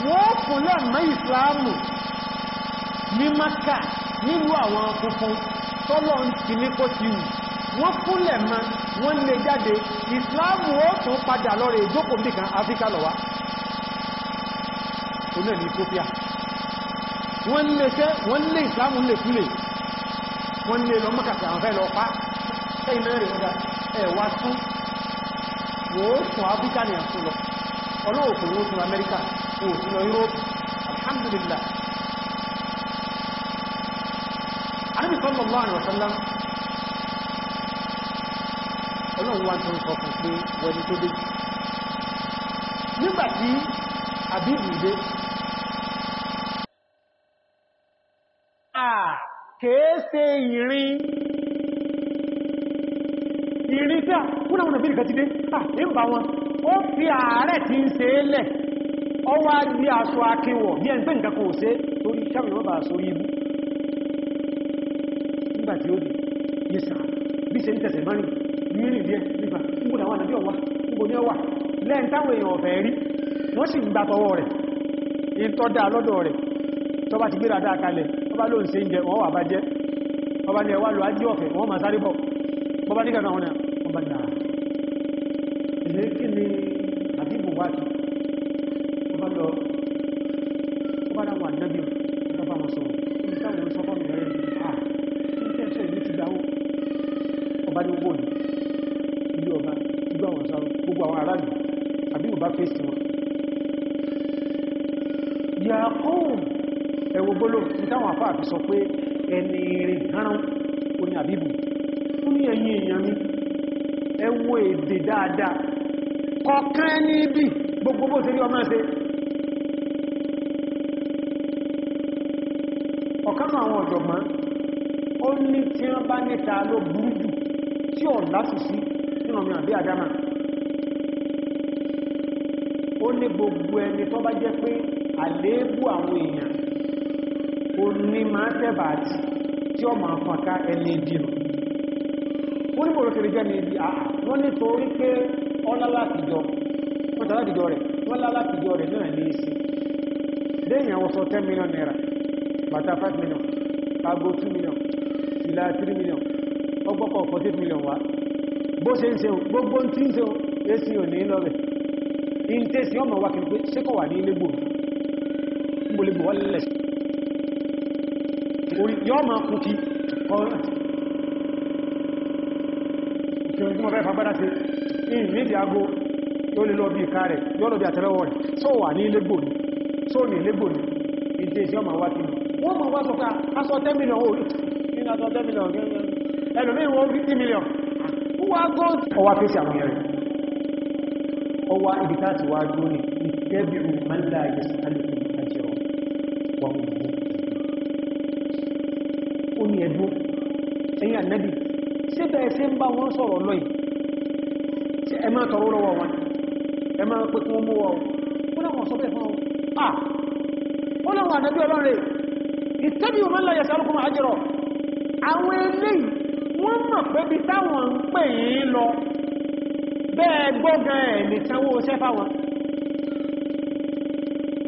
Speaker 1: wọ́n fún lẹ́mọ̀ ní maka nílùú àwọn funfun tọ́lọ ti ní kó ti wù wọ́n kúnlẹ̀ ma wọ́n lè jáde ìsìláàmù ó tún padà lọ rẹ̀ ìjókòó nìkan Áfíríkà lọ wá tó náà ní Ethiopia wọ́n lè ṣẹ́ wọ́n lè ìsìláàmù lè kúlẹ̀ wọ́n lè lọ mọ́kàtà àwọn fẹ́ lọ pa ẹ̀yìn mẹ́rin ọ̀dá ẹ̀wà tún wọ́n tún Áfíríkà ní àtúnlọ ọlọ́ọ̀kùnrin ó tún Amẹ́ríkà ó tún lọ alhamdulillah ànábì sallallahu alaihi wasallam na wá tó ń sọ fún pé wẹni tó dé nígbàtí àbíbù dé kèése a fúnnàmùnà bí ìkàtí dé ní bá wọn ó fi ààrẹ tí ń se lẹ̀ ọwá bí aṣọ akẹwọ̀ bí ẹni pé nǹkan kò yi. mẹ́rin ní rìn díẹ̀ nípa níbo làwọn ànàbí ọ̀wà níbo ní ọwà lẹ́yìn táwọn èèyàn ọ̀fẹ́ rí wọ́n sì ń gba tọwọ́ rẹ̀ in tọ́ dáa lọ́dọ̀ rẹ̀ tó bá ti gbéra dáa kalẹ̀ tó bá lóun wọ́n wà bá jẹ́ ọba ni ẹwà lọ ají ọ̀fẹ́ wọ́n máa sáré bọ̀ bọ́bá nígbà náà láti sí nínú mi àbí àdámà ó ní gbogbo ẹni tó bá jẹ́ pé àléébù àwọn èèyàn ó ní máa tẹ́bà àti tí ó máa fọ́nká ẹni ìdìrò ó ní kòrò kèrè jẹ́ ní ibi àà wọ́n ní torí pé ọlálàtìjọ wọ́n tàlátìjọ rẹ̀ wọ́n lálàtìjọ rẹ̀ náà ní ìsì lẹ́yìn àwọn sọ 10 million naira bàtà 5 million ago 2 million ìlà 3 million ọgbọ́kọ̀ 48 million wá bó ṣe ń ṣe gbogbo tí ń ṣe èsì ò ní lọ́rẹ̀ in tẹ́ sí ọmọ wákìlì pé ṣékọ̀ wà ní ilé gbò gbòlègbò wọ́n lẹ́lẹ̀ orí yọ́ ma kú kí ọ̀rọ̀ kí ojú mọ́ fẹ́ fagbádá sí in nídìí ago yóò lè lọ bí ìka rẹ̀ yóò lọ bí àtẹ́lẹ́wọ̀ rẹ̀ só só ní ilé gbò ní in tẹ́ sí ọmọ wákìlì wọ́n mọ̀ wá sọ pé aṣọ 10 million oh, ẹlòmí wọ́n 50 million wá gọ́ọ̀n ọwá fèsì àwọn ẹ̀rẹ̀ ọwá ibi káàtì wá gọ́ọ̀nì ìtẹ́bìrù mọ́lá yẹsù alìkù àjẹ́rọ wọn
Speaker 2: ó ní ẹ̀dùn ẹ̀yìn ànẹ́bì
Speaker 1: síbẹ̀ ẹ̀sẹ̀ ń bá wọn sọ̀rọ̀ lọ́yìn tí ẹ máa tọrọ lọ́wọ́ wọn ẹ máa pẹ́ kí wọ́n wọn ó láwọn sọ bẹ́ẹ̀ fún wọn pébi táwọn ń pè yìí lọ bẹ́ẹ̀ gbọ́gan ẹ̀ lè sanwó oṣẹ́ fáwọn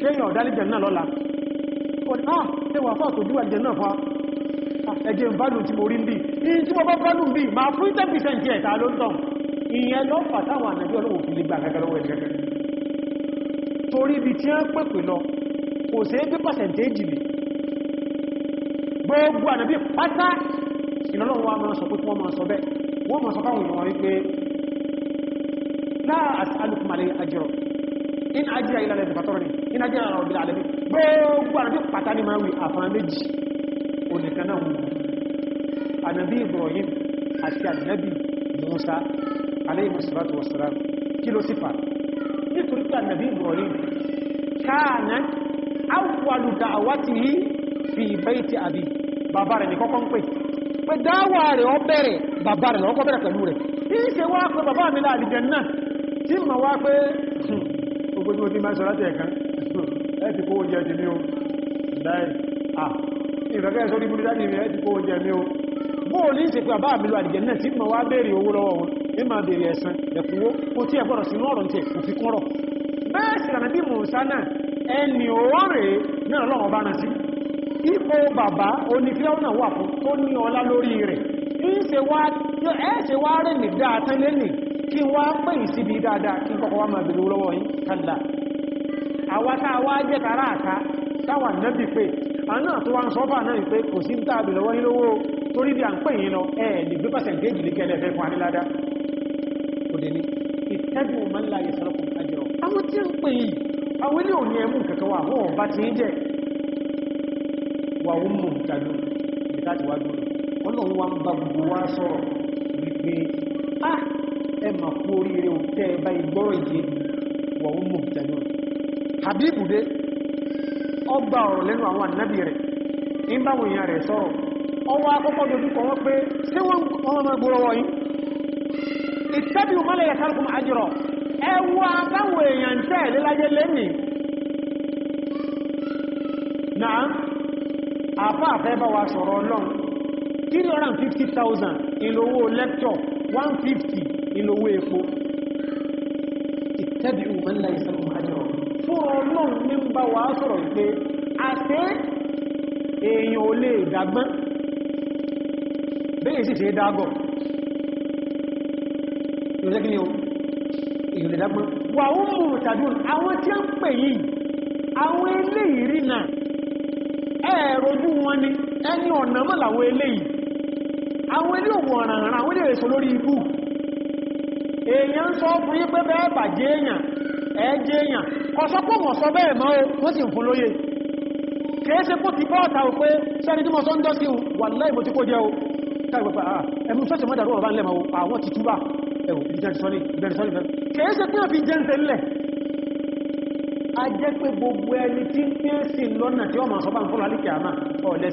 Speaker 1: kéèyàn ọ̀dá lẹ́jẹ̀ náà lọ́la ah tẹwà fà tó jú ẹjẹ̀ náà fa ah, ẹjẹ̀ ìbálù tí mo rí ń bí ní tí mo bá bálù bí ma fún 10% jẹ́ ẹ̀ta ló ń tàn ìyẹn lọ fàtàwà ànàbí ọlọ́wọ̀ fi lè gbà gẹ́gẹ́rọ́wọ́ ẹ̀gẹ́gẹ́ torí ibi tí a ń pèpè lọ gbogbo ànàbí pátá wá máa sọ pé wọ́n máa sọ bẹ́ wọ́n máa sọ fáwọn èèyàn wípé láà àti alùpùpàlẹ̀ àjírọ̀ in àjírà ìlàlẹ̀ ìfàtọ́rọ̀ ni in àjírà àwọn òbílẹ̀ àlẹ́bí gbogbo àti pàtà ní máa wí àfàn méjì onìkan náà wùn ànàbí Ibrahim àti ànàbí Musa alayhi salatu wassalam kí ló sì fà nítorí pé ànàbí Ibrahim káàná awwalu da'awatihi fi bayti abi bàbá rẹ̀ ní kọ́kọ́ ń pè pé dáwà rẹ̀ ọ bẹ̀rẹ̀ bàbá rẹ̀ lọ́kọ́ bẹ̀rẹ̀ pẹ̀lú rẹ̀ tí í ṣe wá pé bàbá mi láàrìjẹ náà tí ma wá pé hmm, ogójúmọ́ tí máa ń sọ láti ẹ̀kan hmm, ẹ̀tì kó oúnjẹ ti mí o láì à ìrẹ̀kẹ́ sórí búrú láti rẹ̀ ẹ̀tì kó oúnjẹ mí o bóò ní ṣe pé bàbá mi láàrìjẹ náà tí ma wá béèrè owó lọ́wọ́ wọn tó ní ọlá lórí rẹ̀ ẹ́ẹ̀ṣẹ̀ wá rẹ̀ ní dáatán lẹ́nì kí wá pè síbi dáadáa kí kọ́kọ́ wá máa bèèrè lọ́wọ́ yìí kàlá àwátá wá jẹ́ tààrà àká táwà nẹ́bì pé àná tó wá ń sọ́fà náà pé kò sí dáàbì lọ́wọ́ yìí lówó torí bí à ń pè yìí lọ ẹ̀ lè gbé pàṣẹ̀ntéjì lè kẹ́lẹ̀ fẹ́ fún aníládá kò dé ní ìtẹ́bù mọ́lá yìí sọ́lọ́kùn àjọ àwọn tí ń pè yìí àwọn ilé òní ẹmú kẹ̀kẹ́ wà wọ́n bá ti ń jẹ́ mo wá sọ̀rọ̀ wípé a ẹ mà kú oríire ò ẹ bá ìgbọ́rọ̀ ìdí wọ̀ ó mú ìtẹ̀lú Habibu dé ọ̀rọ̀ lẹ́nu àwọn ànábì rẹ̀ báwọn èèyàn rẹ̀ sọ̀rọ̀ ọwọ́ akọ́kọ́ dojú kọ wọ́n pé ṣé wọ́n ọmọ yìí ìtẹ́bí yẹ èèyàn tẹ́ bá wa sọ̀rọ̀ 20,000 ìlówó lecture 150 ìlówó epo ìtẹ́bìrù mẹ́lá ìsẹ́kùn àjọ fún ọlọ́run ní ń bá wa sọ̀rọ̀ pé àṣẹ èèyàn ò lè dàgbọ́n bẹ́ẹ̀ sì ṣe dágọ̀ ìrẹ́gbẹ̀ẹ́ èèyàn lè dàgbọ́n wà ó mú tàdún àwọn tí ó ń pè yìí àwọn eléyìí rí náà ẹ̀ẹ̀rọ̀dún wọn ni ẹni ọ̀nà àwọn ilé òun ọ̀rànràn àwọn ilé èso lórí ibú èèyàn sọ fún yí pé bẹ́ẹ̀ bàjẹ́ èèyàn ẹjẹ́ èèyàn kọsọ́pọ̀ mọ̀ sọ bẹ́ẹ̀ mọ́ wọ́n sì ń fún lóye kẹ́ẹ́sẹ́ kó ti bọ́ọ̀ta o pé sẹ́ni tí mọ̀ sọ ń dọ́ sí wà láì mo ti kó jẹ́ o káàkiri pé ah ẹ̀mù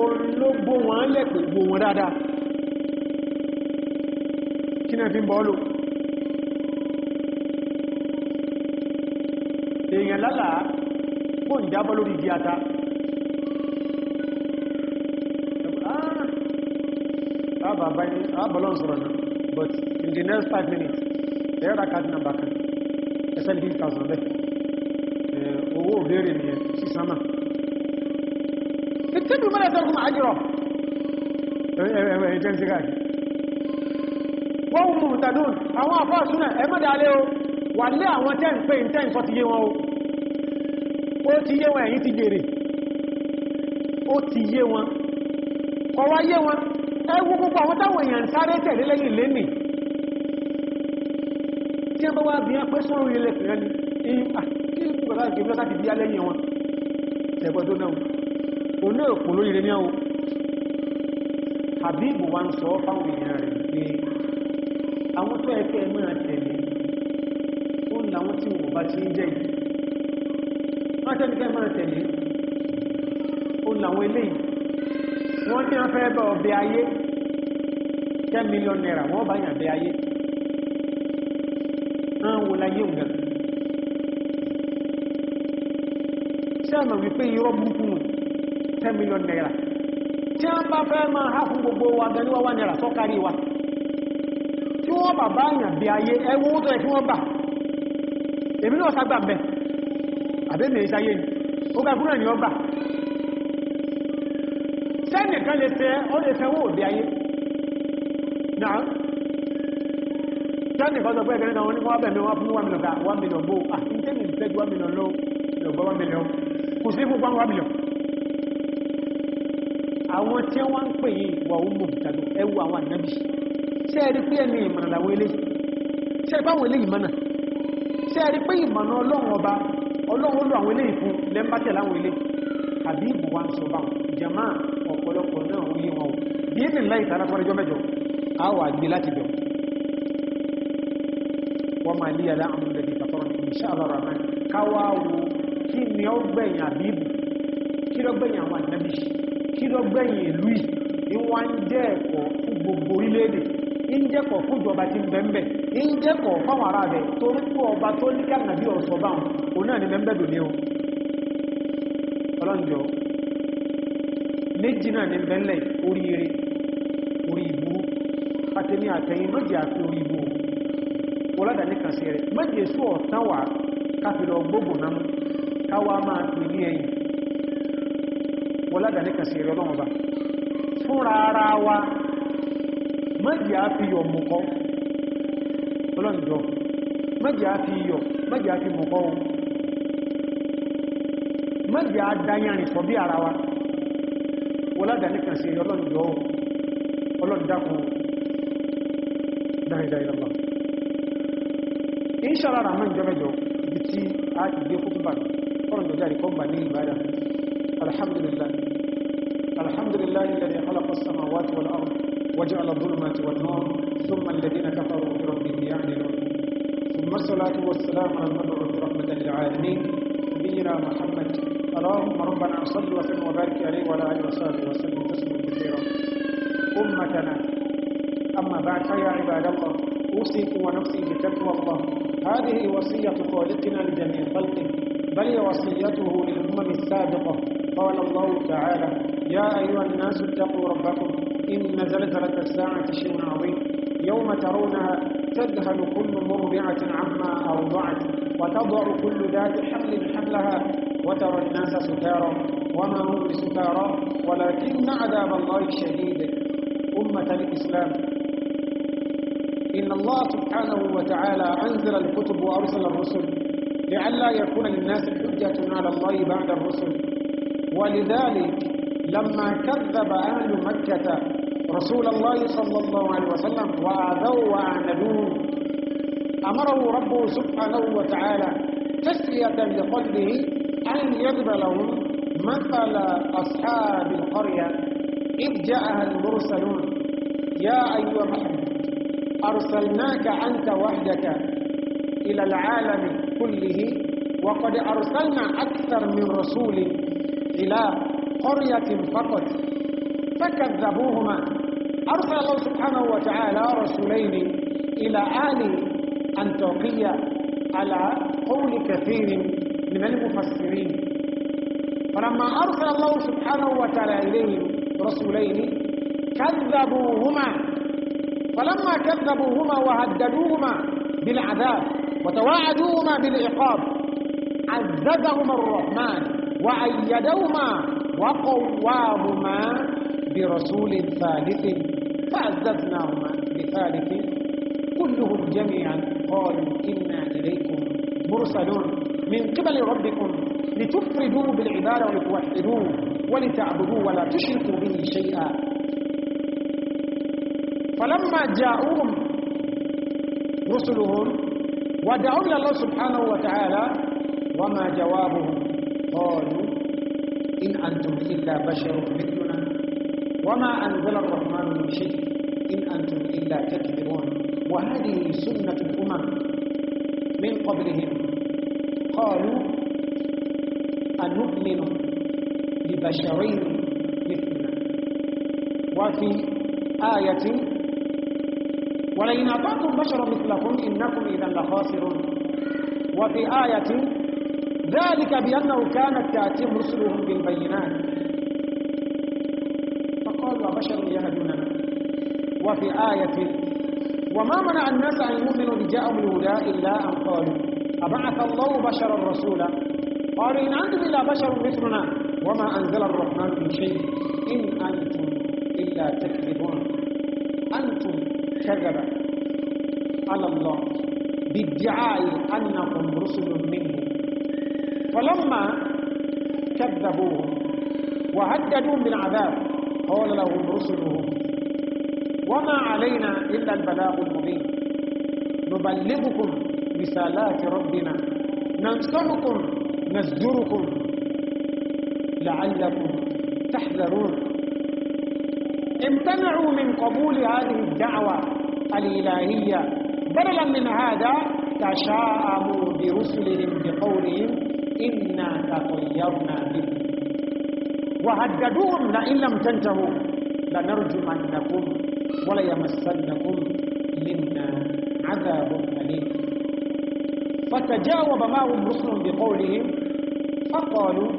Speaker 1: òun ló gbó wọn lẹ́pẹ̀ gbó wọn dáadáa kí náà fi ń bọ́ọ̀lù èèyàn lálàá kó ń dábọ́ lórí igi ata àbàbà ah! sọ̀rọ̀ náà but in the next five minutes ẹ̀rọ àkàdínà bàkan ẹ̀sẹ́ 50,000 bẹ́ẹ̀ àjírọ̀ ẹ̀rẹ̀ jẹ́ sígáàdì wọ́n mú mùtàdún àwọn àfáà súnà ẹmọ́dálé o wà lé àwọn tẹ́ ń pè ń tẹ́ ń sọ ti yé wọn o ó ti yé wọn èyí ti jèrè ó ti yé wọn kọwa yé wọn ẹwú púpọ̀ àwọn táwọn èèyàn sáré tẹ̀lé lẹ́yìn lẹ́nì tí ẹ bá wá bí ah, wọn pẹ́ sọ́rọ̀ ilẹ̀ pẹ̀lẹ́ ni olú èkó lórí rẹ̀ mẹ́wọ́ Habibu wa ń sọ fáwọn èèyàn rẹ̀ pé àwọn tó ẹ̀kẹ́ mìíràn tẹ̀lé ó làwọn tí wọ́n bá ti ń jẹ́ yìí wọ́n tẹ́lẹ̀kẹ́ mìíràn tẹ̀lé ó làwọn eléyìí wọ́n tí wọ́n fẹ́ bá ten million naira tí wọ́n bá fẹ́ máa há fún gbogbo wa gan níwá wá naira sọ́kárí wa tí wọ́n bà bá yàn bí ayé ẹwọ́ tó ẹ̀ tí wọ́n bà èmi náà sá gbà mẹ́ àbẹ́mẹ̀ ìsáyé ni ó gbà gúnrẹ̀ ni ó gbà sẹ́nìkan lè fẹ́ ó lè fẹ́wọ́ òbí ayé náà sẹ́nìkan sọ pé ẹgbẹ̀rẹ́ pè yí wà ó mú ìtàdó ẹwú àwọn ànábì ṣe ẹ̀rí pé ẹni ìmọ̀nà làwọn ilé ṣe ẹ̀rí báwọn ilé ìmọ̀nà ṣe ẹ̀rí pé ìmọ̀nà ọlọ́run ọba ọlọ́run olú àwọn ilé ìfún lẹ́mbàtẹ̀ láwọn ilé àbí ìbùwà ń sọ báwọn jama ọ̀pọ̀lọpọ̀ náà ó yé wọn bí ní láì tààrà fún ẹjọ́ mẹ́jọ a wà gbé láti bẹ̀ wọ́n máa lé yàrá àwọn ilẹ̀ ìtàtọ́rọ̀ ìṣàlọ́rọ̀ àmà káwàá wo kí ni ó gbẹ̀yìn fáwọn ará rẹ̀ torí pé ọba tó ní káàkiri bí ọ̀sọ̀ bá wọn náà ni mẹ́mbẹ̀dò ní o ọlọ́njọ́ méjì náà ni bẹ́ńlẹ̀ oríire orí ìbú àtẹni àtẹyìn méjì àti orí ìbú ọlọ́dà ní kàṣẹ rẹ̀ méjì èso ọ̀tán wà káfílọ̀ gbogbo náà káwà máa ọlọ́njọ́ mẹ́jẹ́ á fi iyọ̀ mẹ́jẹ́ á fi mọ̀kọ́ ohun mẹ́jẹ́ á dáyàrin sọ bí ara wa wọ́ládà ní kàṣẹ ọlọ́njọ́ ọlọ́ndákun dáìdáìlọ́lọ́ inṣàlá rahman jọmẹjọ bí tí a ti gbé kútù bá ọlọ́njọ́ jáde kọ́ bà ní ìbádà alhamdulillah alhamdulillah alladhi khalaqa as ترونها تذهل كل مرضعة عما أرضعت وتضع كل ذات حمل حملها وترى الناس سكارى وما هم بسكارى ولكن عذاب الله شديد أمة الإسلام إن الله سبحانه وتعالى أنزل الكتب وأرسل الرسل لئلا يكون للناس حجة على الله بعد الرسل ولذلك لما كذب أهل مكة رسول الله صلى الله عليه وسلم وآذوا وأعندوه أمره ربه سبحانه وتعالى تسلية لقلبه أن يضرب لهم مثل أصحاب القرية إذ جاءها المرسلون يا أيها محمد أرسلناك أنت وحدك إلى العالم كله وقد أرسلنا أكثر من رسول إلى قرية فقط فكذبوهما أرسل الله سبحانه وتعالى رسولين إلى آل أنطوكية على قول كثير من المفسرين فلما أرسل الله سبحانه وتعالى إليهم رسولين كذبوهما فلما كذبوهما وهددوهما بالعذاب وتواعدوهما بالعقاب عززهما الرحمن وأيدوهما وقواهما برسول ثالث فعذبناهما بثالث كلهم جميعا قالوا إنا إليكم مرسلون من قبل ربكم لتفردوا بالعبادة ولتوحدوا ولتعبدوا ولا تشركوا به شيئا فلما جاءوهم رسلهم ودعوا إلى الله سبحانه وتعالى وما جوابهم قالوا إن أنتم إلا بشر مثلنا وما أنزل الرحمن شيء إن أنتم إلا تكذبون وهذه سنة الأمم من قبلهم قالوا أنؤمن لبشرين مثلنا وفي آية ولئن أطعتم بشرا مثلكم إنكم إذا لخاسرون وفي آية ذلك بأنه كانت تأتي رسلهم بالبينات وما منع الناس أن يؤمنوا بجاءهم الهدى إلا أن قالوا أبعث الله بشرا رسولا قالوا إن أنتم إلا بشر مثلنا وما أنزل الرحمن من شيء من هذا تشاءموا برسلهم بقولهم إنا تطيرنا بهم وهددوهم لئن لم تنتهوا لنرجمنكم وليمسنكم منا عذاب أليم فتجاوب معهم رسل بقولهم فقالوا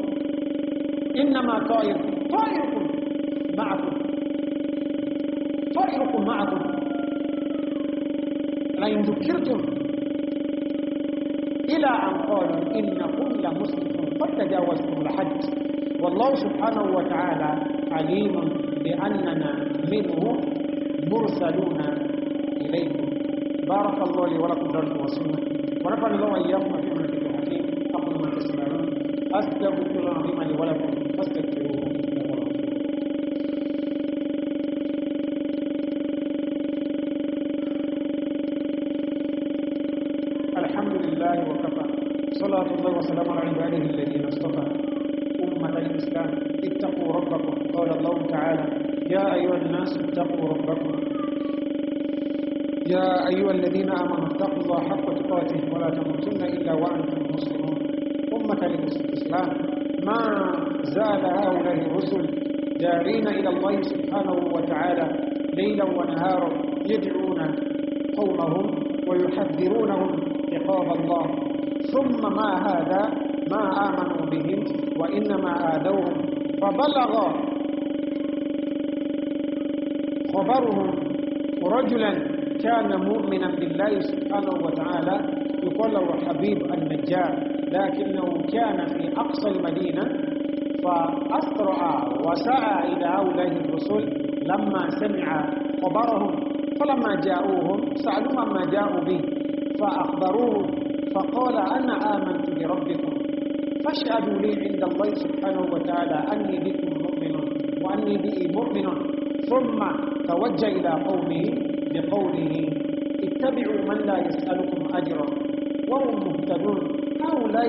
Speaker 1: إنما طائركم طائركم معكم طائركم معكم فإن ذكرتم إلى أن قالوا إنكم لمسلمون قد تجاوزتم الحج والله سبحانه وتعالى عليم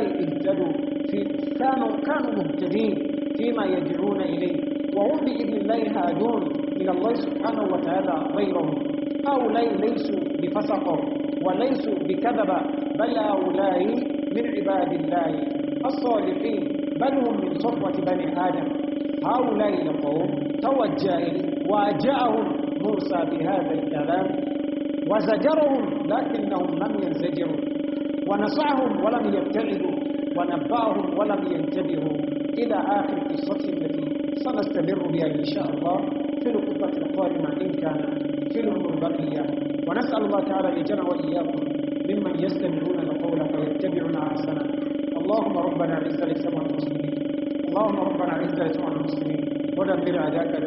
Speaker 1: غير اهتدوا في كانوا كانوا مهتدين فيما يدعون إليه وهم بإذن الله هادون إلى الله سبحانه وتعالى غيرهم هؤلاء ليسوا بفسقة وليسوا بكذبة بل هؤلاء من عباد الله الصالحين بل هم من صفوة بني آدم هؤلاء القوم توجه واجأهم موسى بهذا الكلام وزجرهم لكنهم لم ينزجروا ونصعهم ولم يبتعدوا ونبأهم ولم ينتبهوا إلى آخر قصتهم التي سنستمر بها إن شاء الله في القصه القادمة إن كان في الأمور البقية ونسأل الله تعالى أن يجعلنا وإياكم ممن يستمعون القول فيتبعون أحسنه اللهم ربنا أعز الإسلام والمسلمين اللهم ربنا أعز الإسلام والمسلمين ودمر أعداءك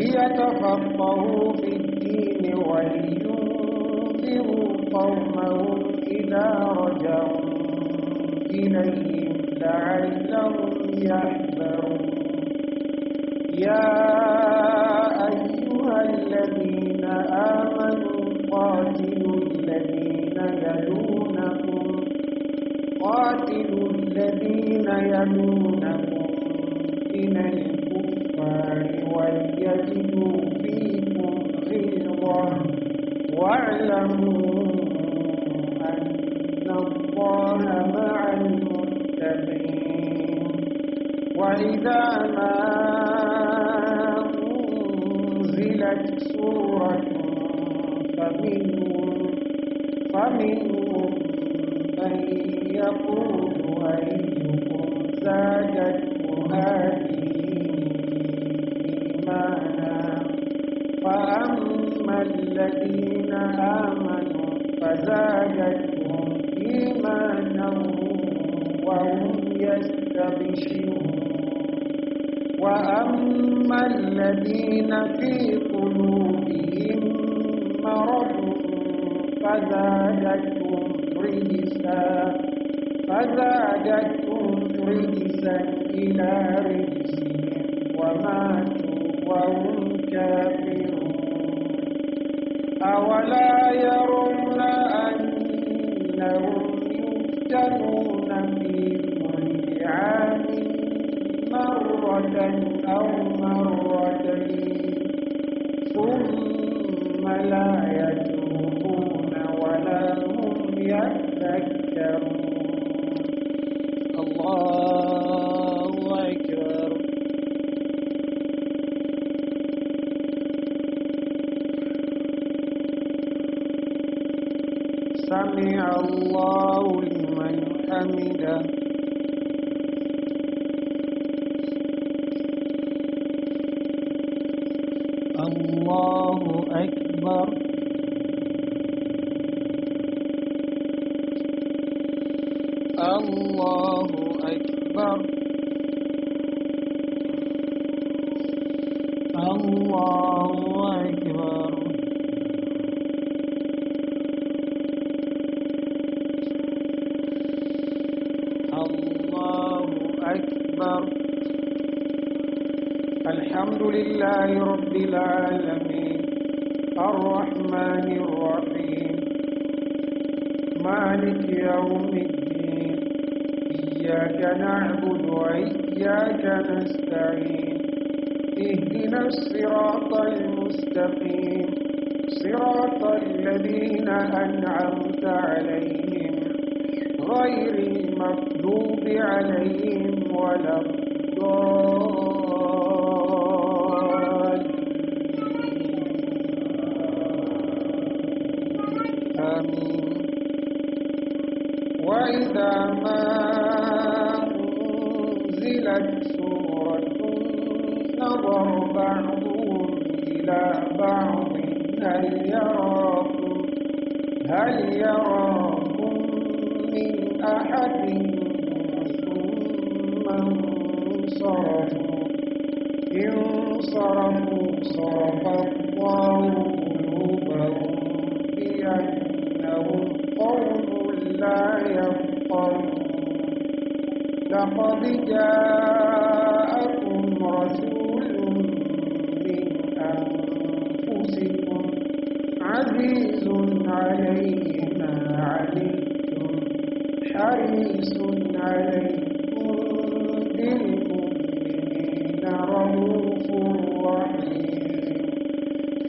Speaker 2: ليتفقهوا في الدين ولينذروا قومهم إذا رجعوا إليهم لعلهم يحذرون يا الذين يلونهم من الكفار وليجدوا فيكم غيظة واعلموا سمع الله لمن حمده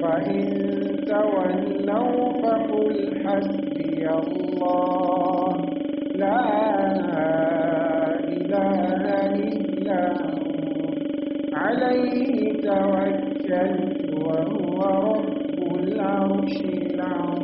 Speaker 2: فإن تولوا فقل حسبي الله لا إله إلا هو عليه توكلت وهو رب العرش العظيم